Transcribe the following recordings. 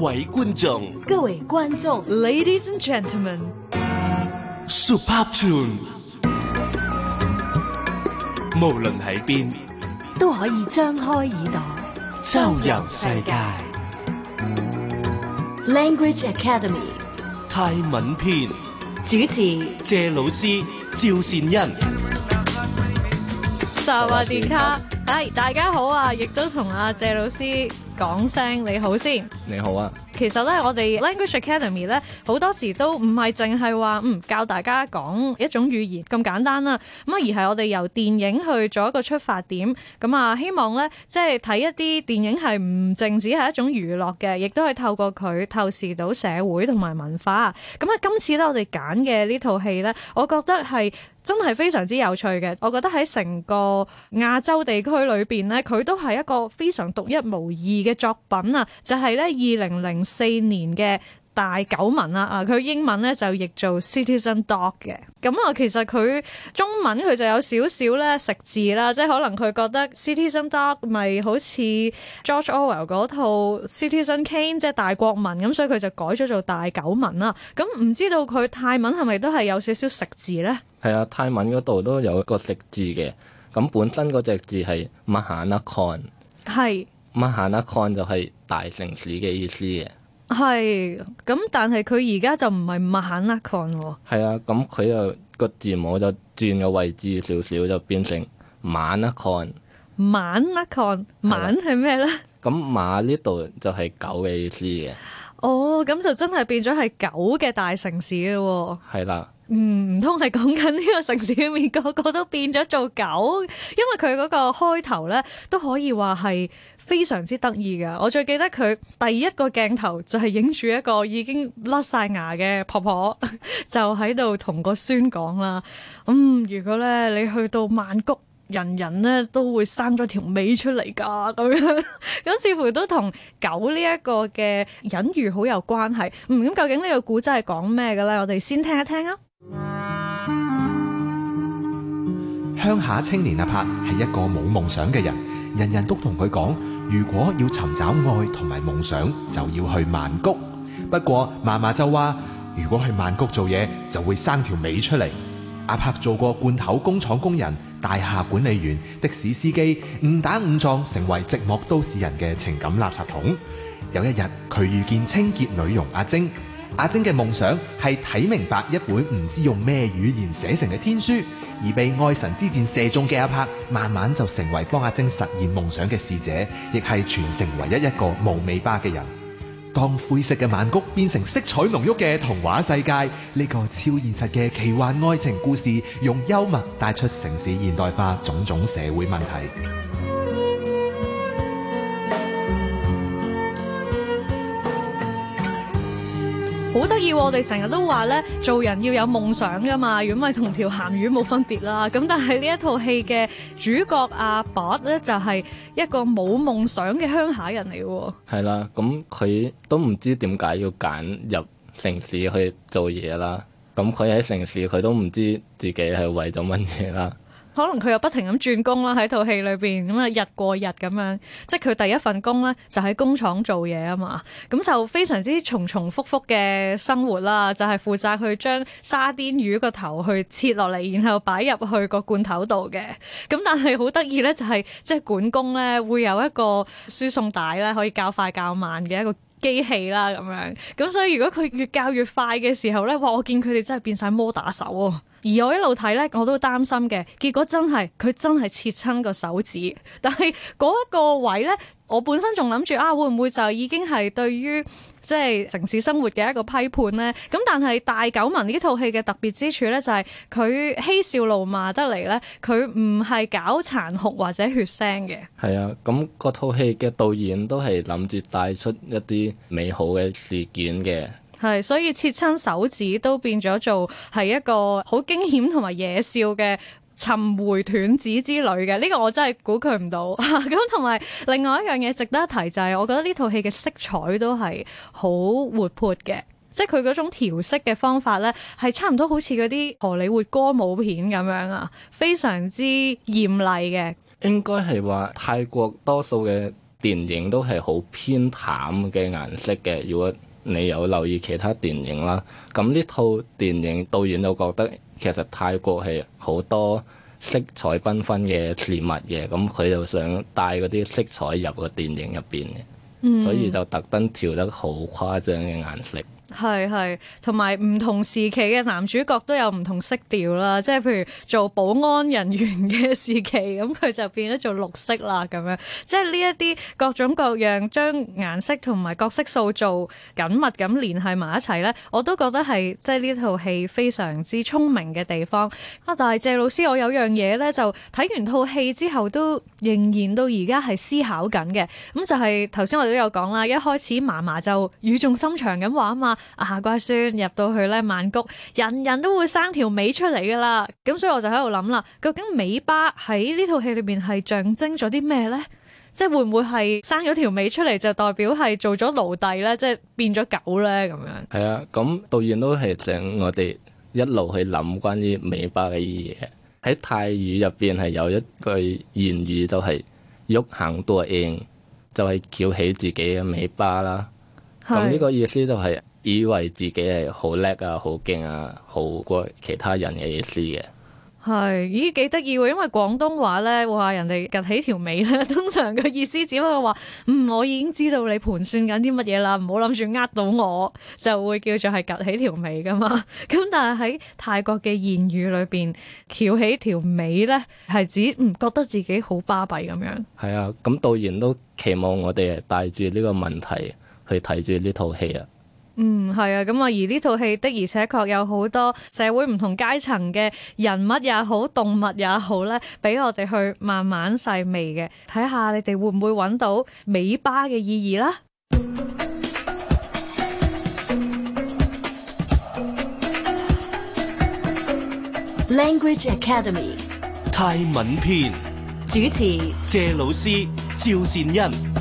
各位觀眾，各位觀眾，Ladies and g e n t l e m e n s u p a r h u n 無論喺邊，都可以張開耳朵周遊世界。Language Academy，泰文篇，主持謝老師趙善恩，十話電卡，係大家好啊！亦都同阿謝老師，講聲你好先。你好啊。其實咧，我哋 Language Academy 咧，好多時都唔係淨係話嗯教大家講一種語言咁簡單啦，咁啊而係我哋由電影去做一個出發點，咁啊希望咧即係睇一啲電影係唔淨止係一種娛樂嘅，亦都係透過佢透視到社會同埋文化。咁啊，今次咧我哋揀嘅呢套戲咧，我覺得係真係非常之有趣嘅。我覺得喺成個亞洲地區裏邊呢，佢都係一個非常獨一無二嘅作品啊！就係咧二零零四年嘅大狗民啦啊，佢英文咧就譯做 Citizen Dog 嘅。咁啊，其實佢中文佢就有少少咧食字啦，即係可能佢覺得 Citizen Dog 咪好似 George Orwell 嗰套 Citizen Kane，即係大國民咁、啊、所以佢就改咗做大狗民啦。咁、啊、唔、啊、知道佢泰文係咪都係有少少食字咧？係啊，泰文嗰度都有一個食字嘅。咁本身嗰隻字係 Mahanakorn，係 Mahanakorn 就係、是。大城市嘅意思嘅，係咁，但係佢而家就唔係馬勒康喎。係啊，咁佢又個字母就轉個位置少少，就變成馬勒康，馬勒康。馬勒康，馬係咩咧？咁馬呢度就係狗嘅意思嘅。哦，咁就真係變咗係狗嘅大城市嘅，哦。係啦。唔通係講緊呢個城市裏面個個都變咗做狗？因為佢嗰個開頭呢都可以話係非常之得意噶。我最記得佢第一個鏡頭就係影住一個已經甩晒牙嘅婆婆，就喺度同個孫講啦。嗯，如果咧你去到曼谷，人人咧都會生咗條尾出嚟噶咁樣，咁似乎都同狗呢一個嘅隱喻好有關係。嗯，咁究竟呢個故仔係講咩嘅呢？我哋先聽一聽啊！鄉下青年阿柏係一個冇夢想嘅人，人人都同佢講，如果要尋找愛同埋夢想，就要去曼谷。不過嫲嫲就話，如果去曼谷做嘢，就會生條尾出嚟。阿柏做過罐頭工廠工人、大廈管理員、的士司機，誤打誤撞成為寂寞都市人嘅情感垃圾桶。有一日，佢遇見清潔女傭阿晶。阿晶嘅夢想係睇明白一本唔知用咩語言寫成嘅天書，而被愛神之箭射中嘅阿柏，慢慢就成為幫阿晶實現夢想嘅使者，亦係全城唯一一個無尾巴嘅人。當灰色嘅曼谷變成色彩濃郁嘅童話世界，呢個超現實嘅奇幻愛情故事，用幽默帶出城市現代化種種社會問題。 wide, 我哋成日都話咧，做人要有夢想噶嘛，如果唔係同條鹹魚冇分別啦。咁 但係呢一套戲嘅主角阿博咧，就係一個冇夢想嘅鄉下人嚟嘅。係啦，咁佢都唔知點解要揀入城市去做嘢啦。咁佢喺城市，佢都唔知自己係為咗乜嘢啦。 可能佢又不停咁轉工啦，喺套戲裏邊咁啊日過日咁樣，即係佢第一份工咧就喺、是、工廠做嘢啊嘛，咁就非常之重重複複嘅生活啦，就係、是、負責去將沙甸魚個頭去切落嚟，然後擺入去個罐頭度嘅。咁但係好得意咧，就係、是、即係管工咧會有一個輸送帶咧，可以較快較慢嘅一個機器啦咁樣。咁所以如果佢越教越快嘅時候咧，哇！我見佢哋真係變晒魔打手喎。而我一路睇咧，我都擔心嘅。結果真係佢真係切親個手指，但係嗰一個位咧，我本身仲諗住啊，會唔會就已經係對於即係城市生活嘅一個批判咧？咁但係《大狗民》呢套戲嘅特別之處咧，就係佢嬉笑怒罵得嚟咧，佢唔係搞殘酷或者血腥嘅。係啊，咁套戲嘅導演都係諗住帶出一啲美好嘅事件嘅。係，所以切親手指都變咗做係一個好驚險同埋野笑嘅尋回斷指之類嘅，呢個我真係估佢唔到。咁同埋另外一樣嘢值得一提就係，我覺得呢套戲嘅色彩都係好活潑嘅，即係佢嗰種調色嘅方法呢係差唔多好似嗰啲荷里活歌舞片咁樣啊，非常之豔麗嘅。應該係話泰國多數嘅電影都係好偏淡嘅顏色嘅，如果。你有留意其他電影啦？咁呢套電影導演就覺得其實泰國係好多色彩繽紛嘅事物嘅，咁佢就想帶嗰啲色彩入個電影入邊嘅，所以就特登調得好誇張嘅顏色。係係，同埋唔同時期嘅男主角都有唔同色調啦，即係譬如做保安人員嘅時期，咁佢就變咗做綠色啦咁樣。即係呢一啲各種各樣將顏色同埋角色塑造緊密咁連係埋一齊呢，我都覺得係即係呢套戲非常之聰明嘅地方。啊，但係謝老師，我有樣嘢呢，就睇完套戲之後都仍然到而家係思考緊嘅。咁就係頭先我哋都有講啦，一開始嫲嫲就語重心長咁話啊嘛。啊！乖孫入到去咧，曼谷人人都會生條尾出嚟噶啦。咁所以我就喺度諗啦，究竟尾巴喺呢套戲裏邊係象徵咗啲咩咧？即係會唔會係生咗條尾出嚟就代表係做咗奴隸咧？即係變咗狗咧？咁樣係啊。咁導演都係想我哋一路去諗關於尾巴嘅嘢。喺泰語入邊係有一句諺語，就是，就係喐行多應，就係翹起自己嘅尾巴啦。咁呢是個意思就係，是。以為自己係好叻啊，好勁啊，好過其他人嘅意思嘅係咦，幾得意？因為廣東話咧，話人哋夾起條尾咧，通常個意思只不過話嗯，我已經知道你盤算緊啲乜嘢啦，唔好諗住呃到我，就會叫做係夾起條尾噶嘛。咁 但係喺泰國嘅言語裏邊，翹起條尾咧係指唔覺得自己好巴閉咁樣。係啊，咁導演都期望我哋帶住呢個問題去睇住呢套戲啊。嗯，係啊，咁啊，而呢套戲的而且確有好多社會唔同階層嘅人物也好，動物也好咧，俾我哋去慢慢細微嘅，睇下你哋會唔會搵到尾巴嘅意義啦。Language Academy 泰文篇主持：謝老師、趙善恩。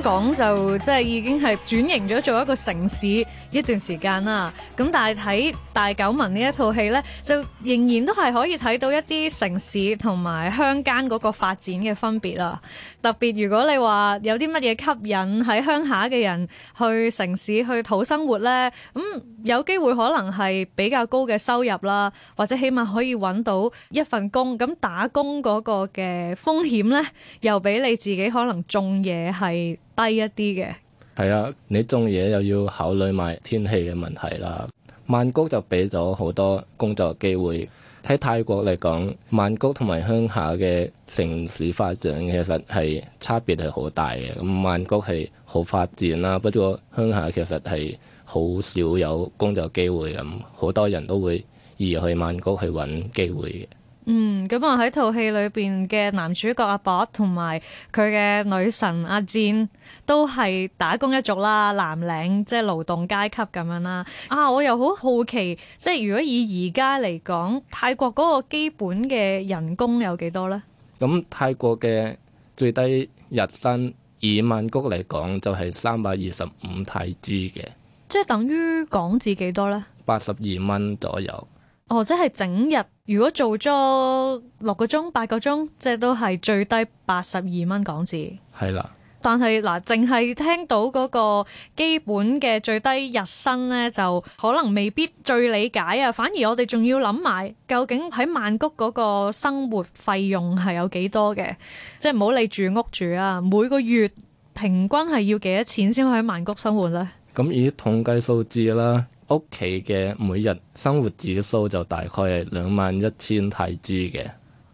香港就即係已經係轉型咗做一個城市一段時間啦。咁但係睇《大九文》呢一套戲呢，就仍然都係可以睇到一啲城市同埋鄉間嗰個發展嘅分別啦。特別如果你話有啲乜嘢吸引喺鄉下嘅人去城市去討生活呢，咁、嗯、有機會可能係比較高嘅收入啦，或者起碼可以揾到一份工。咁打工嗰個嘅風險呢，又比你自己可能種嘢係低一啲嘅。係啊，你種嘢又要考慮埋天氣嘅問題啦。曼谷就俾咗好多工作機會。喺泰國嚟講，曼谷同埋鄉下嘅城市發展其實係差別係好大嘅。咁曼谷係好發展啦，不過鄉下其實係好少有工作機會咁，好多人都會移去曼谷去搵機會嘅。嗯，咁我喺套戲裏邊嘅男主角阿博同埋佢嘅女神阿戰。都係打工一族啦，藍領，即係勞動階級咁樣啦。啊，我又好好奇，即係如果以而家嚟講，泰國嗰個基本嘅人工有幾多呢？咁泰國嘅最低日薪以曼谷嚟講，就係三百二十五泰銖嘅。即係等於港紙幾多呢？八十二蚊左右。哦，即係整日，如果做咗六個鐘、八個鐘，即係都係最低八十二蚊港紙。係啦。但係嗱，淨係聽到嗰個基本嘅最低日薪呢，就可能未必最理解啊。反而我哋仲要諗埋究竟喺曼谷嗰個生活費用係有幾多嘅，即係唔好理住屋住啊。每個月平均係要幾多錢先可以喺曼谷生活呢？咁以統計數字啦，屋企嘅每日生活指數就大概係兩萬一千泰銖嘅。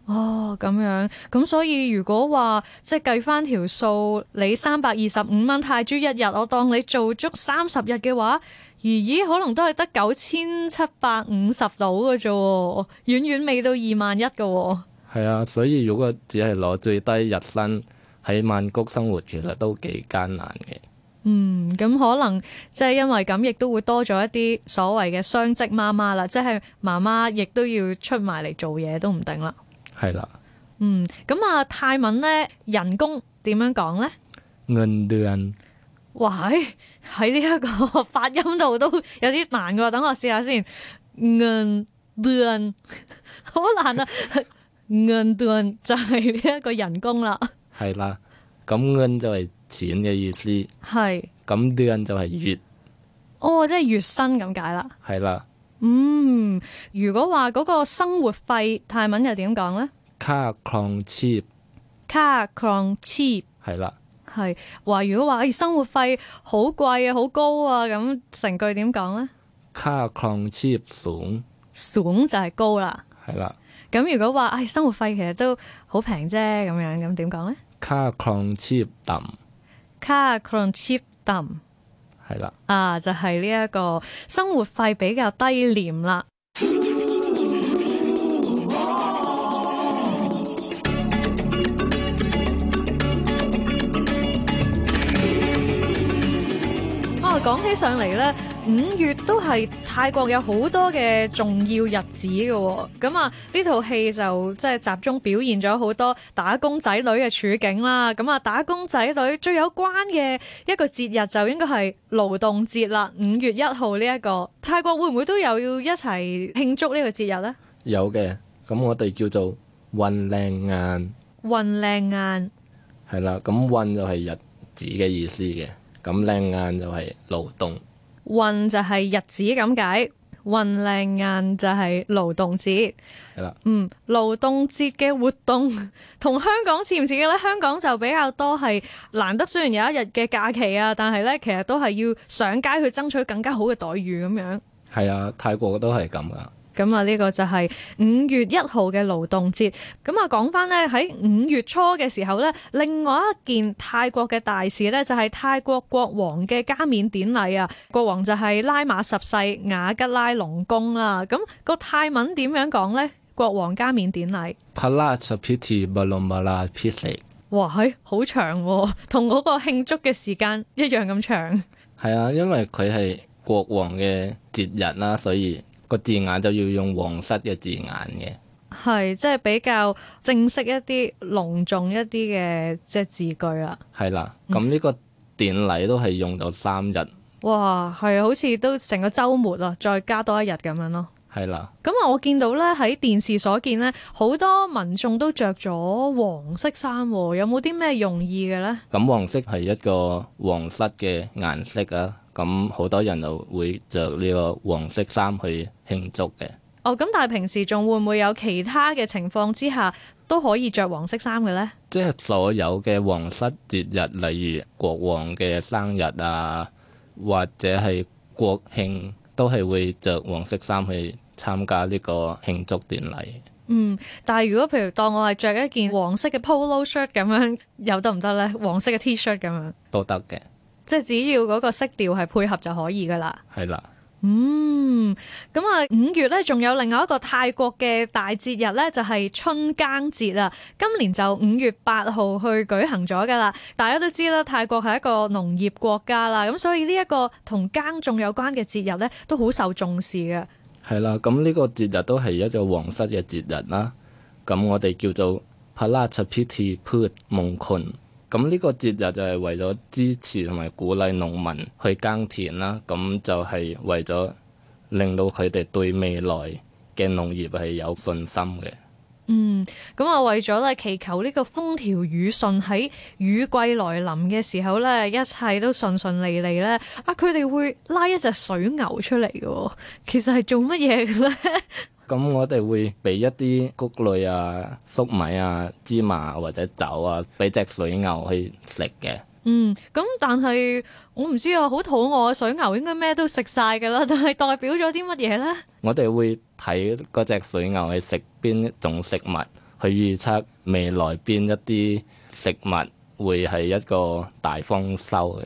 哦，咁樣咁，所以如果話即係計翻條數，你三百二十五蚊泰銖一日，我當你做足三十日嘅話，咦咦可能都係得九千七百五十度嘅啫，遠遠未到二萬一嘅。係啊，所以如果只係攞最低日薪喺曼谷生活，其實都幾艱難嘅。嗯，咁可能即係因為咁，亦都會多咗一啲所謂嘅雙職媽媽啦，即係媽媽亦都要出埋嚟做嘢都唔定啦。係啦，嗯，咁啊泰文咧，人工點樣講咧？銀 deen，哇喺喺呢一個發音度都有啲難噶，等我試下先。銀 deen 好難啊，銀 deen 就係呢一個人工啦。係啦，咁銀就係錢嘅意思。係。咁 deen 就係月，哦，即係月薪咁解啦。係啦。嗯，如果話嗰個生活費泰文又點講咧？卡狂 cheap，卡狂 cheap 係啦。係話如果話，哎生活費好貴啊，好高啊，咁、啊、成句點講咧？卡狂 cheap 筍，筍就係高啦。係啦、嗯。咁如果話，哎生活費其實都好平啫，咁、啊、樣咁點講咧？卡狂 cheap down，卡狂 cheap down。係啦，啊，就係呢一個生活費比較低廉啦。哦哇，啊，講起上嚟咧。五月都係泰國有好多嘅重要日子嘅咁、哦、啊！呢套戲就即係集中表現咗好多打工仔女嘅處境啦。咁啊，打工仔女最有關嘅一個節日就應該係勞動節啦。五月一號呢、這、一個泰國會唔會都有要一齊慶祝呢個節日呢？有嘅，咁我哋叫做運靚晏。運靚晏係啦，咁運就係、是、日子嘅意思嘅，咁靚晏就係、是、勞動。運就係日子咁解，運靚晏就係勞動節，係啦，嗯，勞動節嘅活動同香港似唔似嘅咧？香港就比較多係難得，雖然有一日嘅假期啊，但係咧其實都係要上街去爭取更加好嘅待遇咁樣。係啊，泰國嘅都係咁噶。咁啊，呢個就係五月一號嘅勞動節。咁啊，講返咧喺五月初嘅時候咧，另外一件泰國嘅大事咧就係泰國國王嘅加冕典禮啊。國王就係拉瑪十世雅吉拉隆功啦。咁個泰文點樣講咧？國王加冕典禮。p 哇嘿，好長哦，同嗰個慶祝嘅時間一樣咁長。係啊，因為佢係國王嘅節日啦，所以。個字眼就要用皇室嘅字眼嘅，係即係比較正式一啲、隆重一啲嘅即係字句、啊、啦。係啦，咁呢個典禮都係用到三日。嗯、哇，係好似都成個周末啊，再加多一日咁樣咯。係啦，咁啊，我見到咧喺電視所見咧，好多民眾都着咗黃色衫，啊，有冇啲咩用意嘅咧？咁黃色係一個皇室嘅顏色啊。咁好多人就會着呢個黃色衫去慶祝嘅。哦，咁但係平時仲會唔會有其他嘅情況之下都可以着黃色衫嘅呢？即係所有嘅皇室節日，例如國王嘅生日啊，或者係國慶，都係會着黃色衫去參加呢個慶祝典禮。嗯，但係如果譬如當我係着一件黃色嘅 polo shirt 咁樣，有得唔得呢？黃色嘅 T-shirt 咁樣都得嘅。即係只要嗰個色調係配合就可以噶啦。係啦的。嗯，咁啊，五月咧仲有另外一個泰國嘅大節日咧，就係、是、春耕節啦。今年就五月八號去舉行咗噶啦。大家都知啦，泰國係一個農業國家啦，咁所以呢一個同耕種有關嘅節日咧，都好受重視嘅。係啦，咁呢個節日都係一個皇室嘅節日啦。咁我哋叫做プラチピティプモンコン。咁呢個節日就係為咗支持同埋鼓勵農民去耕田啦，咁就係為咗令到佢哋對未來嘅農業係有信心嘅。嗯，咁啊，為咗咧祈求呢個風調雨順，喺雨季來臨嘅時候咧，一切都順順利利咧，啊，佢哋會拉一隻水牛出嚟嘅，其實係做乜嘢嘅咧？ 咁我哋會俾一啲穀類啊、粟米啊、芝麻啊，或者酒啊，俾隻水牛去食嘅。嗯，咁但係我唔知啊，好肚餓，水牛應該咩都食晒噶啦，但係代表咗啲乜嘢咧？我哋會睇嗰隻水牛去食邊一種食物，去預測未來邊一啲食物會係一個大豐收嘅。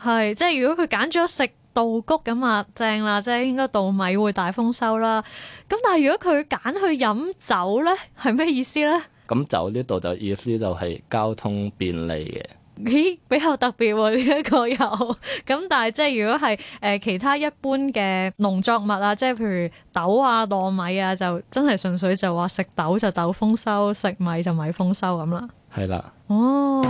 係，即係如果佢揀咗食。稻穀咁啊，正啦，即係應該稻米會大豐收啦。咁但係如果佢揀去飲酒咧，係咩意思咧？咁酒呢度就意思就係交通便利嘅。咦，比較特別呢一個又咁， 但係即係如果係誒、呃、其他一般嘅農作物啊，即係譬如豆啊、糯米啊，就真係純粹就話食豆就豆豐收，食米就米豐收咁啦。係啦了。哦。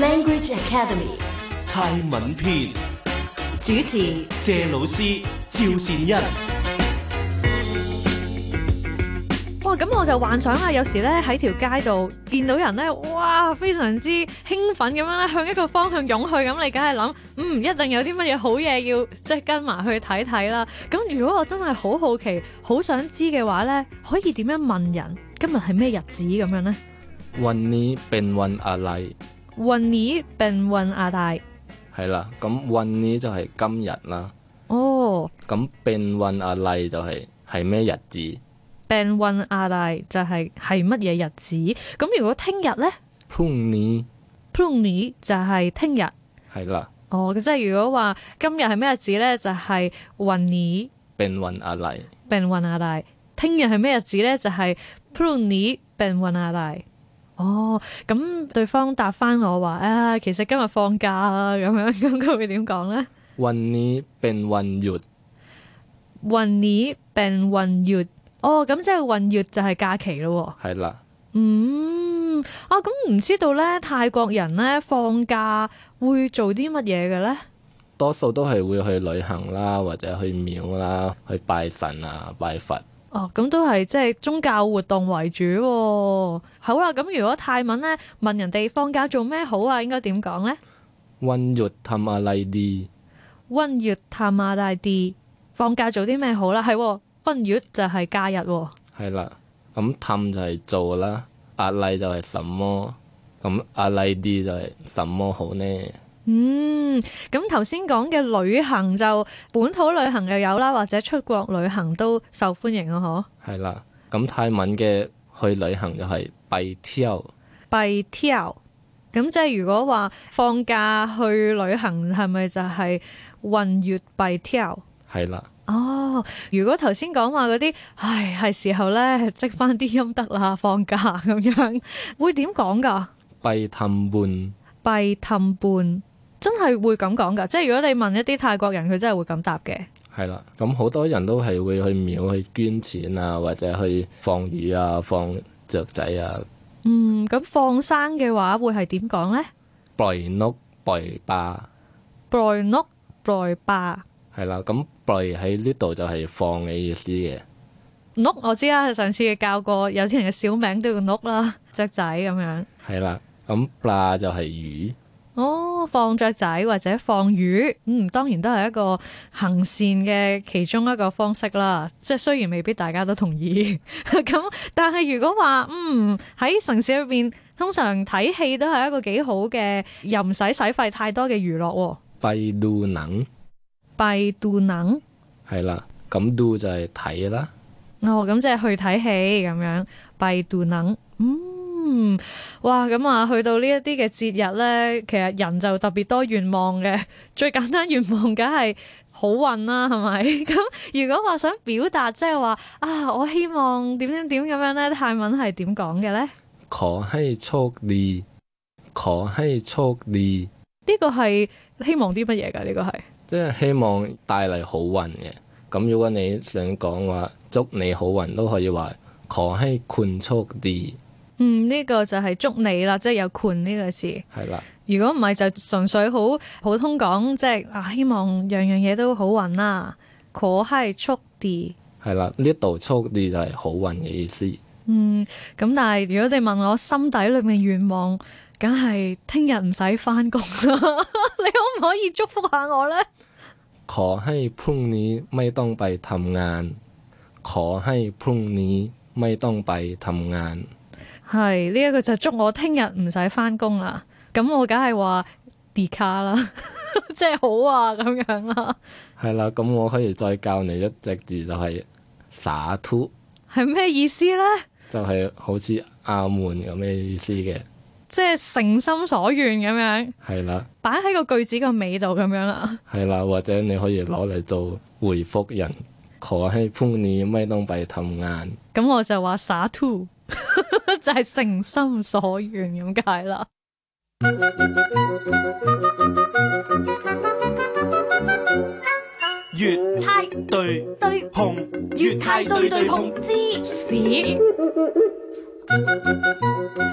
Language Academy 泰文篇，主持：謝老師、趙善欣。哇，咁我就幻想啦。有時咧喺條街度見到人咧，哇，非常之興奮咁樣咧，向一個方向湧去。咁你梗係諗，嗯，一定有啲乜嘢好嘢要即係跟埋去睇睇啦。咁如果我真係好好奇，好想知嘅話咧，可以點樣問人今日係咩日子咁樣咧？ 運呢並運阿麗，係啦。咁運呢就係今日啦。哦。咁並運阿麗就係係咩日子？並運阿麗就係係乜嘢日子？咁如果聽日呢？Pluni，Pluni 就係聽日。係啦。哦，即係如果話今日係咩日子呢？就係運呢，並運阿麗，並運阿麗。聽日係咩日子呢？就係 Pluni，並運阿麗。哦，咁對方答翻我話啊，其實今日放假啊，咁樣咁佢會點講呢？混年病混月混年病混月？哦，咁即係混月就係假期咯，哦。係啦的。嗯，啊咁唔知道咧，泰國人咧放假會做啲乜嘢嘅咧？多數都係會去旅行啦，或者去廟啦，去拜神啊，拜佛。哦，咁都係即係宗教活動為主，哦。好啦，咁如果泰文咧問人哋放假做咩好啊，應該點講呢？溫月探阿麗啲，溫月探阿麗啲，放假做啲咩好啦，啊？係溫月就係假日，哦，係啦。咁，嗯，探就係做啦，阿麗就係什麼？咁，嗯，阿麗啲就係什麼好呢？嗯，咁頭先講嘅旅行就本土旅行又有啦，或者出國旅行都受歡迎啊，嗬。係、嗯、啦，咁泰文嘅去旅行就係 b t a i l b tail。咁即係如果話放假去旅行是是是，係咪就係混月 b tail？係啦。哦，如果頭先講話嗰啲，唉，係時候咧積翻啲陰得啦，放假咁樣會點講噶 b 氹半」，「e 氹半」。真係會咁講噶，即係如果你問一啲泰國人，佢真係會咁答嘅。係啦，咁好多人都係會去廟去捐錢啊，或者去放魚啊，放雀仔啊。嗯，咁放生嘅話會係點講咧？ploy nok ploy pla ploy nok ploy pla，係啦，咁 ploy 喺呢度就係放嘅意思嘅。nok 我知啊，上次教過有啲人嘅小名都叫 nok 啦，雀仔咁樣。係啦，咁 pla 就係魚。哦，放雀仔或者放魚，嗯，當然都係一個行善嘅其中一個方式啦。即係雖然未必大家都同意，咁 但係如果話，嗯，喺城市入邊，通常睇戲都係一個幾好嘅，又唔使使費太多嘅娛樂。閉 do 能，閉 do 能，係啦，咁 do 就係睇啦。哦，咁即係去睇戲咁樣，閉 do 能，嗯。嗯，哇，咁、嗯、啊，去到呢一啲嘅節日咧，其實人就特別多願望嘅。最簡單願望，梗係好運啦，係咪？咁如果話想表達，即係話啊，我希望點點點咁樣咧，泰文係點講嘅咧？「狂希速啲」，「狂希速啲」，呢個係希望啲乜嘢噶？呢個係即係希望帶嚟好運嘅。咁如果你想講話祝你好運，都可以話「狂希困速啲」。嗯，呢、這個就係、是、祝你啦，即係有權呢、這個字係啦。如果唔係就純粹好普通講，即係、啊、希望樣樣嘢都好運啦、啊。可係速啲係啦，呢度速啲就係、是、好運嘅意思。嗯，咁但係如果你問我心底裏面嘅願望，梗係聽日唔使翻工啦。 你可唔可以祝福下我咧？可喺、嗯，當明天唔要再上班。 可喺，明天唔要再上班。係呢一個就祝我聽日唔使翻工啦，咁我梗係話 decode 啦，即 係好啊咁樣啦。係啦，咁我可以再教你一隻字，就係灑 two，係咩意思咧？就係好似阿門咁嘅意思嘅，即係誠心所願咁樣。係啦的，擺喺個句子個尾度咁樣啦。係啦，或者你可以攞嚟做回覆人。可喺半年未當擺氹眼。咁我就話灑 two 就係誠心所願咁解啦。粵泰對對碰，粵泰對對碰，芝士。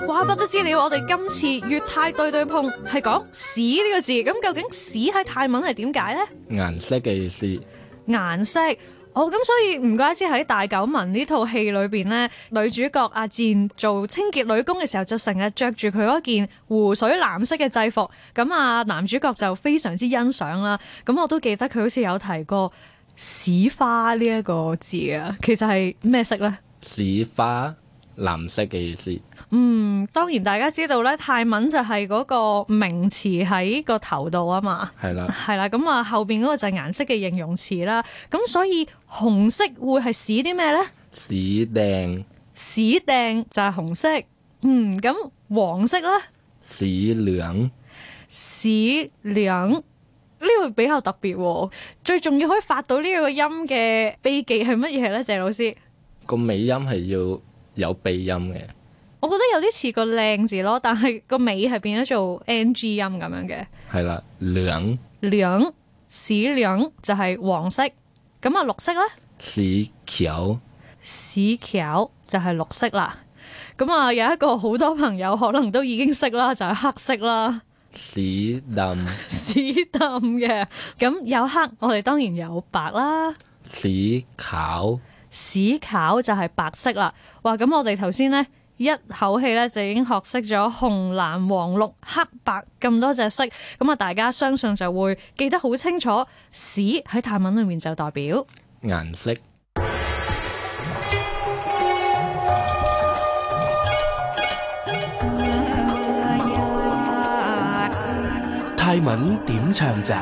話不得知料，我哋今次粵泰對對碰係講屎呢個字，咁究竟屎喺泰文係點解呢？顏色嘅意思。顏色。哦，咁所以唔怪之喺《大九文》呢套戲裏邊呢，女主角阿賤做清潔女工嘅時候，就成日着住佢嗰件湖水藍色嘅制服。咁啊，男主角就非常之欣賞啦。咁我都記得佢好似有提過屎花呢一個字啊，其實係咩色呢？「屎花」。這個藍色嘅意思，嗯，當然大家知道咧，泰文就係嗰個名詞喺個頭度啊嘛，係啦的，係啦，咁、嗯、啊後邊嗰個就係顏色嘅形容詞啦。咁所以紅色會係屎啲咩咧？屎掟定，屎掟就係紅色。嗯，咁黃色咧？屎兩兩，屎兩呢個比較特別，哦，最重要可以發到呢個音嘅秘技係乜嘢咧？謝老師個尾音係要。有鼻音嘅，我覺得有啲似個靚字咯，但係個尾係變咗做 NG 音咁樣嘅。係啦，兩兩屎兩就係黃色，咁啊綠，巧綠色啦？屎橋屎橋就係綠色啦。咁啊有一個好多朋友可能都已經識啦，就係、是、黑色啦。屎抌頓 屎抌嘅，咁有黑我哋當然有白啦。屎考屎考就係白色啦，哇！咁我哋頭先呢，一口氣呢就已經學識咗紅藍黃綠黑白咁多隻色，咁啊大家相信就會記得好清楚。屎喺泰文裏面就代表顏色。 泰文點唱就？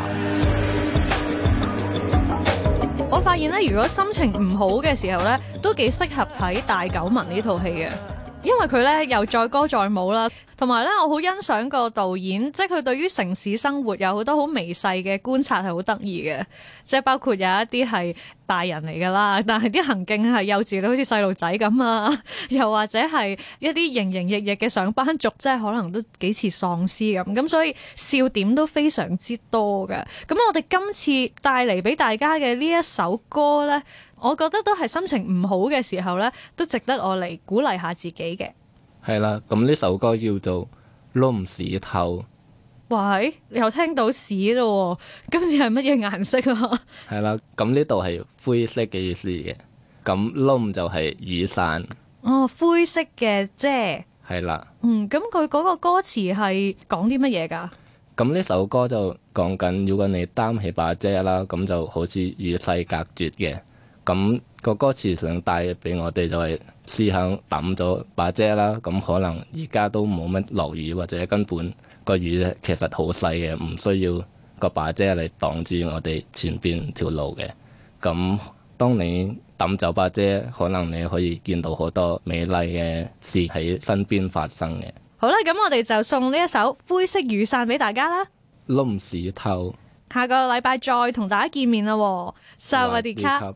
我發現咧，如果心情唔好嘅時候咧，都幾適合睇《大九文》呢套戲嘅。因為佢咧又再歌再舞啦，同埋咧我好欣賞個導演，即係佢對於城市生活有好多好微細嘅觀察係好得意嘅，即係包括有一啲係大人嚟㗎啦，但係啲行徑係幼稚到好似細路仔咁啊，又或者係一啲營營役役嘅上班族，即係可能都幾似喪屍咁，咁所以笑點都非常之多嘅。咁我哋今次帶嚟俾大家嘅呢一首歌咧。我覺得都係心情唔好嘅時候呢，都值得我嚟鼓勵下自己嘅。係啦，咁呢首歌叫做《l o、um、窿屎透》，喂，又聽到屎咯，今次係乜嘢顏色啊？係啦，咁呢度係灰色嘅意思嘅。咁窿、um、就係雨傘。哦，灰色嘅遮。係啦的。嗯，咁佢嗰個歌詞係講啲乜嘢噶？咁呢首歌就講緊，如果你擔起把遮啦，咁就好似與世隔絕嘅。咁、嗯，嗰個歌詞想帶俾我哋就係、是、思考揼咗把遮啦。咁、嗯嗯、可能而家都冇乜落雨，或者根本個雨咧其實好細嘅，唔需要個把遮嚟擋住我哋前邊條路嘅。咁、嗯嗯、當你揼走把遮，可能你可以見到好多美麗嘅事喺身邊發生嘅。好啦，咁我哋就送呢一首灰色雨傘俾大家啦。冧時透，下個禮拜再同大家見面啦、哦。十個點卡、哦。